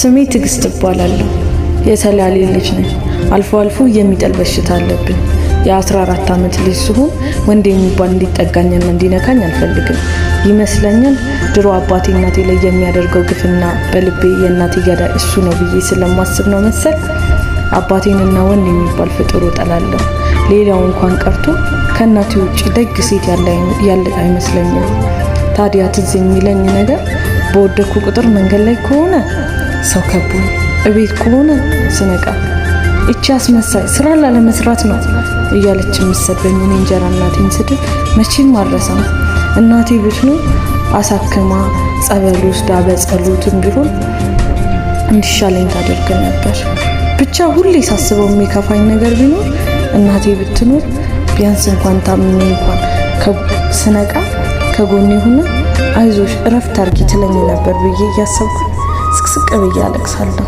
ስሜ ትዕግስት እባላለሁ። የተላሌ ልጅ ነኝ። አልፎ አልፎ የሚጠል በሽታ አለብኝ። የ14 ዓመት ልጅ ስሆን ወንድ የሚባል እንዲጠጋኝና እንዲነካኝ አልፈልግም። ይመስለኛል ድሮ አባቴ እናቴ ላይ የሚያደርገው ግፍና በልቤ የእናቴ ገዳይ እሱ ነው ብዬ ስለማስብ ነው መሰል አባቴንና ወንድ የሚባል ፍጡር እጠላለሁ። ሌላው እንኳን ቀርቶ ከእናቴ ውጭ ደግ ሴት ያለ አይመስለኝም። ታዲያ ትዝ የሚለኝ ነገር በወደኩ ቁጥር መንገድ ላይ ከሆነ ሰው ከቡን እቤት ከሆነ ስነቃ እቺ አስመሳይ ስራ ላለመስራት ነው እያለች የምትሰደኝ እኔ እንጀራ እናቴን ስድብ መቼም አልረሳም። እናቴ ቤት አሳክማ ጸበል ውስጥ በጸሎትም ቢሆን እንዲሻለኝ ታደርግ ነበር። ብቻ ሁሌ ሳስበው የሚከፋኝ ነገር ቢኖር እናቴ ብትኖር ቢያንስ እንኳን ታምኜ እንኳን ስነቃ ከጎኔ ሆነ አይዞሽ እረፍት አርጊ ትለኝ ነበር ብዬ እያሰብኩ ስቅስቅ ብዬ አለቅሳለሁ።